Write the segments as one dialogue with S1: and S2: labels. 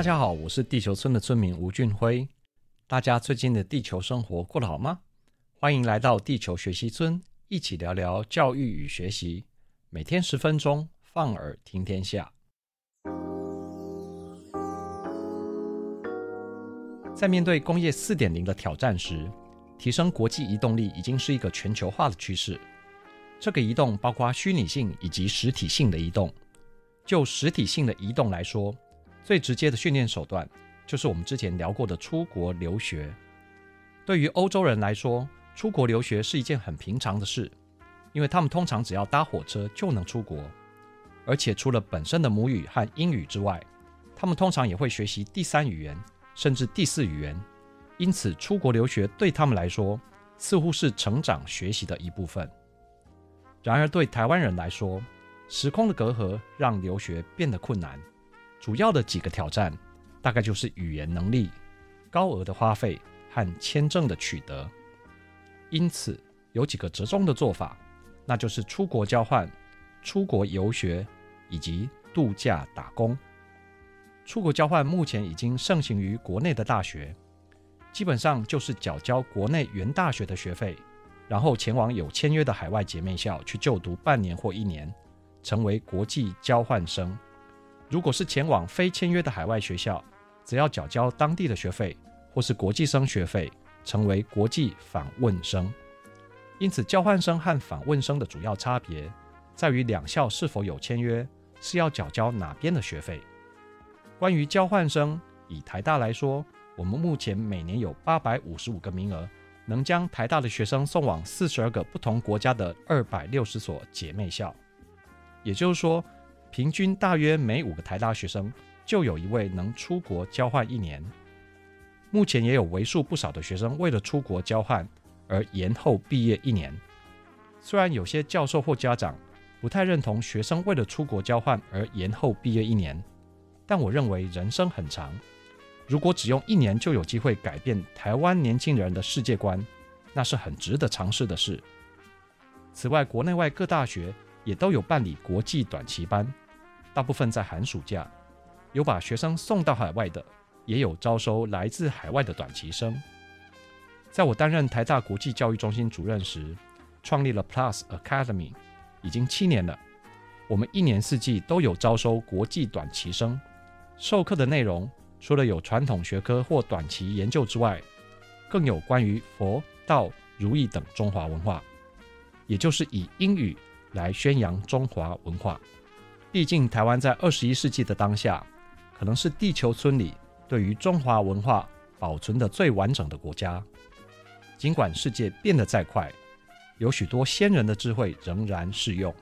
S1: 大家好，我是地球村的村民吳俊輝。大家最近的地球生活過得好嗎？歡迎來到地球學習村，一起聊聊教育與學習。每天十分鐘，放耳聽天下。在面對工業四點零的挑戰時，提升國際移動力已經是一個全球化的趨勢。這個移動包括虛擬性以及實體性的移動。就實體性的移動來說，最直接的訓練手段，就是我們之前聊過的出國留學。對於歐洲人來說，出國留學是一件很平常的事，因為他們通常只要搭火車就能出國，而且除了本身的母語和英語之外，他們通常也會學習第三語言甚至第四語言，因此出國留學對他們來說似乎是成長學習的一部分。然而，對台灣人來說，時空的隔閡讓留學變得困難。主要的幾個挑戰，大概就是語言能力、高額的花費和簽證的取得。因此，有幾個折中的做法，那就是出國交換、出國遊學以及度假打工。出國交換目前已經盛行於國內的大學，基本上就是繳交國內原大學的學費，然後前往有簽約的海外姐妹校去就讀半年或一年，成為國際交換生。如果是前往非簽約的海外學校，則要繳交當地的學費或是國際生學費，成為國際訪問生。因此，交換生和訪問生的主要差別在於兩校是否有簽約，是要繳交哪邊的學費。關於交換生，以台大來說，我們目前每年有八百五十五個名額，能將台大的學生送往四十二個不同國家的二百六十所姐妹校。也就是說。平均大約每五個台大學生就有一位能出國交換一年。目前也有為數不少的學生為了出國交換而延後畢業一年。雖然有些教授或家長不太認同學生為了出國交換而延後畢業一年，但我認為人生很長，如果只用一年就有機會改變台灣年輕人的世界觀，那是很值得嘗試的事。此外，國內外各大學也都有辦理國際短期班。大部分在寒暑假，有把學生送到海外的，也有招收來自海外的短期生。在我擔任台大國際教育中心主任時，創立了 Plus Academy，已經七年了。我們一年四季都有招收國際短期生，授課的內容除了有傳統學科或短期研究之外，更有關於佛、道、儒、易等中華文化，也就是以英語來宣揚中華文化。畢竟，台灣在二十一世紀的當下，可能是地球村裡對於中華文化保存的最完整的國家。儘管世界變得再快，有許多先人的智慧仍然適用，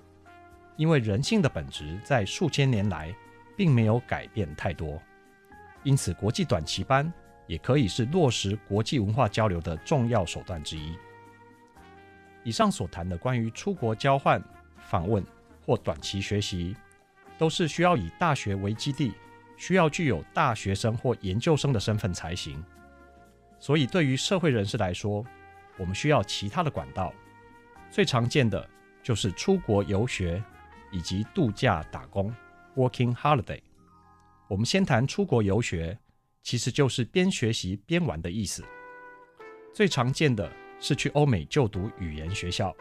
S1: 因為人性的本質在數千年來並沒有改變太多。因此，國際短期班也可以是落實國際文化交流的重要手段之一。以上所談的關於出國交換、訪問或短期學習。都是需要以大學為基地，需要具有大學生或研究生的身份才行。所以，對於社會人士來說，我們需要其他的管道。最常見的就是出國遊學以及度假打工 （working holiday）。我們先談出國遊學，其實就是邊學習邊玩的意思。最常見的是去歐美就讀語言學校，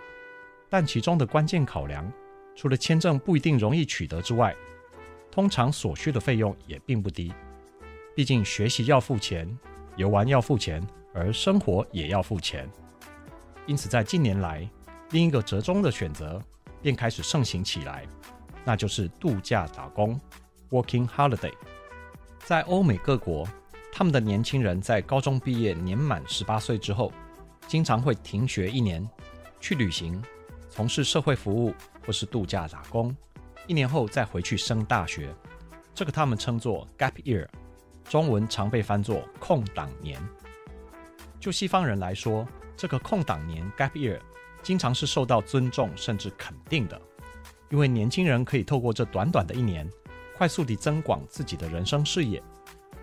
S1: 但其中的關鍵考量。除了簽證不一定容易取得之外，通常所需的費用也並不低。畢竟學習要付錢，游玩要付錢，而生活也要付錢。因此，在近年來，另一個折中的選擇便開始盛行起來，那就是度假打工 （working holiday）。在歐美各國，他們的年輕人在高中畢業、年滿十八歲之後，經常會停學一年，去旅行，從事社會服務。或是度假打工，一年後再回去升大學，這個他們稱作 gap year，中文常被翻作空檔年。就西方人來說，這個空檔年 gap year 經常是受到尊重甚至肯定的，因為年輕人可以透過這短短的一年，快速地增廣自己的人生視野，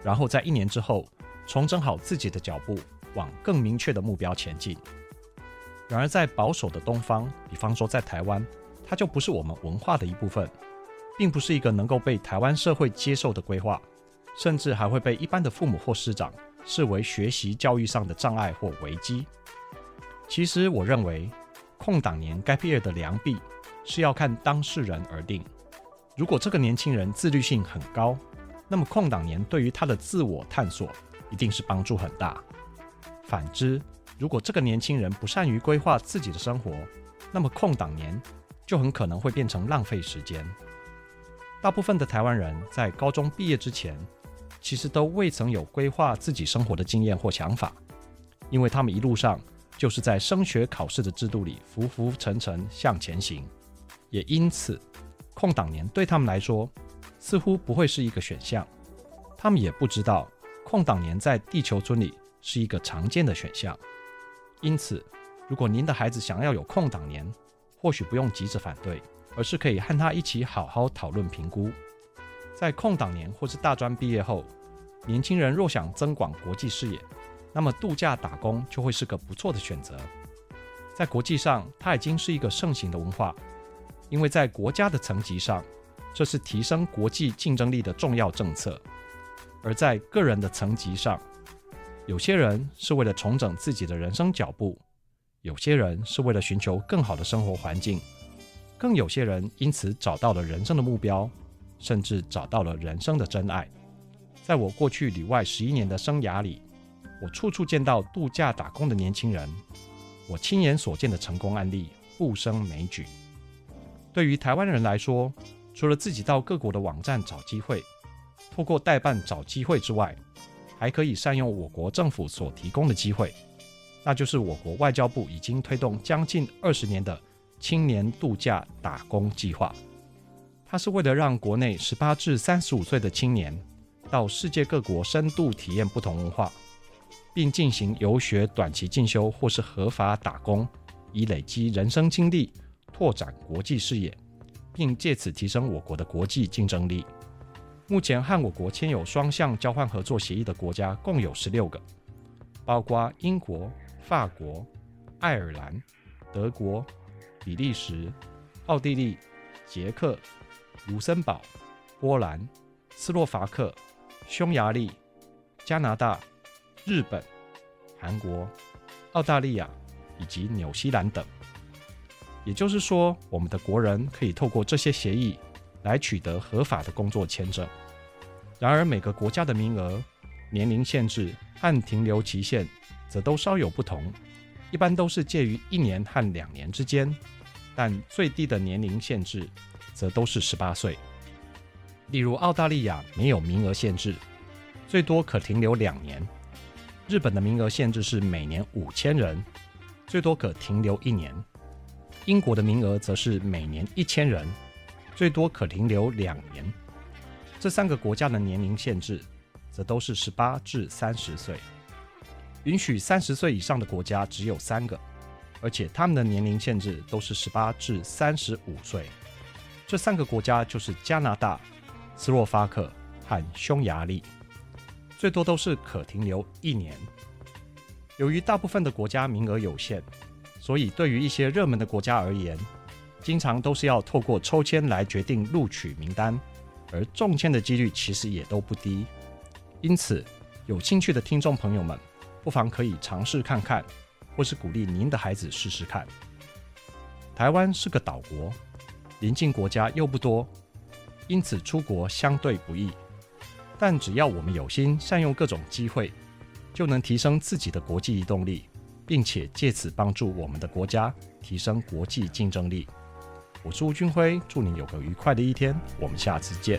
S1: 然後在一年之後重整好自己的腳步，往更明確的目標前進。然而在保守的東方，比方說在台灣。它就不是我們文化的一部分，並不是一個能夠被台灣社會接受的規劃，甚至還會被一般的父母或師長視為學習教育上的障礙或危機。其實我認為，空檔年 gap year 的利弊是要看當事人而定。如果這個年輕人自律性很高，那麼空檔年對於他的自我探索一定是幫助很大。反之，如果這個年輕人不善於規劃自己的生活，那麼空檔年，就很可能會變成浪費時間。大部分的台灣人在高中畢業之前，其實都未曾有規劃自己生活的經驗或想法，因為他們一路上就是在升學考試的制度裡浮浮沉沉向前行，也因此，空檔年對他們來說似乎不會是一個選項。他們也不知道空檔年在地球村裡是一個常見的選項。因此，如果您的孩子想要有空檔年，或許不用急着反對，而是可以和他一起好好討論評估。在空檔年或是大專畢業後，年輕人若想增廣國際視野，那麼度假打工就會是個不錯的選擇。在國際上，它已經是一個盛行的文化，因為在國家的層級上，這是提升國際競爭力的重要政策；而在個人的層級上，有些人是為了重整自己的人生腳步。有些人是為了尋求更好的生活環境，更有些人因此找到了人生的目標，甚至找到了人生的真愛。在我過去旅外十一年的生涯裡，我處處見到度假打工的年輕人，我親眼所見的成功案例不勝枚舉。對於台灣人來說，除了自己到各國的網站找機會，透過代辦找機會之外，還可以善用我國政府所提供的機會。那就是我國外交部已經推動將近二十年的青年度假打工計劃，它是為了讓國內十八至三十五歲的青年到世界各國深度體驗不同文化，並進行遊學、短期進修或是合法打工，以累積人生經歷、拓展國際視野，並借此提升我國的國際競爭力。目前和我國簽有雙向交換合作協議的國家共有十六個，包括英國。法國、愛爾蘭、德國、比利時、奧地利、捷克、盧森堡、波蘭、斯洛伐克、匈牙利、加拿大、日本、韓國、澳大利亞以及紐西蘭等。也就是說，我們的國人可以透過這些協議來取得合法的工作簽證。然而，每個國家的名額、年齡限制和停留期限，則都稍有不同，一般都是介於一年和兩年之間，但最低的年齡限制則都是十八歲。例如，澳大利亞沒有名額限制，最多可停留兩年；日本的名額限制是每年五千人，最多可停留一年；英國的名額則是每年一千人，最多可停留兩年。這三個國家的年齡限制則都是十八至三十歲。允許三十歲以上的國家只有三個，而且他們的年齡限制都是十八至三十五歲。這三個國家就是加拿大、斯洛伐克和匈牙利，最多都是可停留一年。由於大部分的國家名額有限，所以對於一些熱門的國家而言，經常都是要透過抽籤來決定錄取名單，而中籤的幾率其實也都不低。因此，有興趣的聽眾朋友們，不妨可以嘗試看看，或是鼓勵您的孩子試試看。台灣是個島國，鄰近國家又不多，因此出國相對不易。但只要我們有心，善用各種機會，就能提升自己的國際移動力，並且借此幫助我們的國家提升國際競爭力。我是吳俊輝，祝您有個愉快的一天，我們下次見。